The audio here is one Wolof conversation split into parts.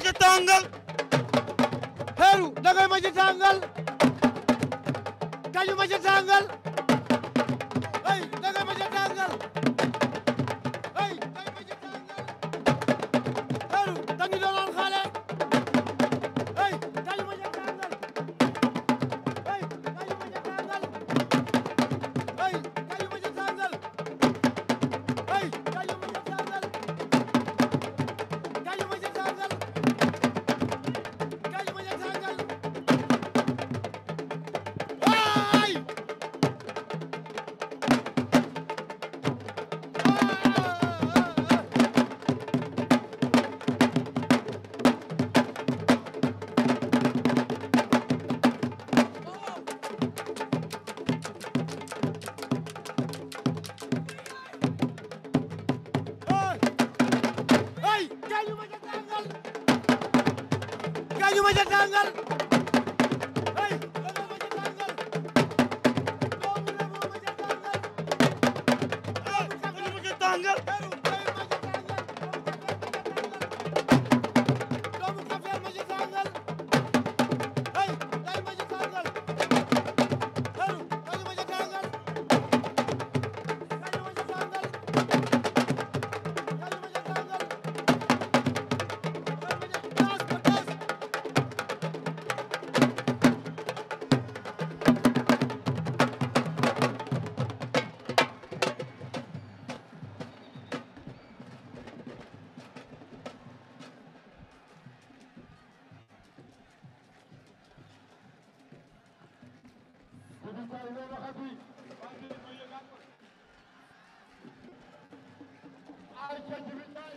ma ca tàngal xeeru dangay ma ca tàngal kañu ma ca tàngal ay dangay ma ca tàngal ma ca tàngal Kaguy ay ca Jibi Njaay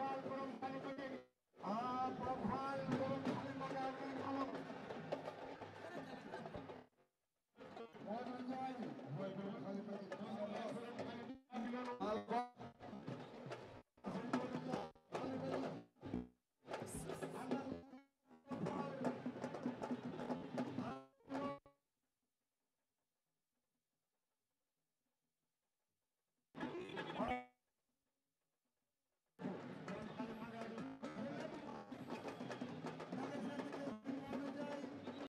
Fall borom